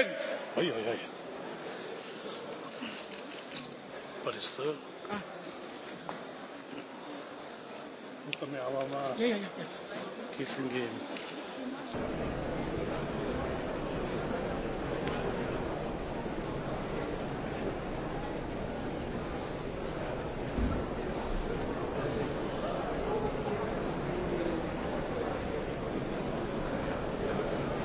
Präsident! Oi, oi, oi. Pare să... the... Ah. Muss man mir aber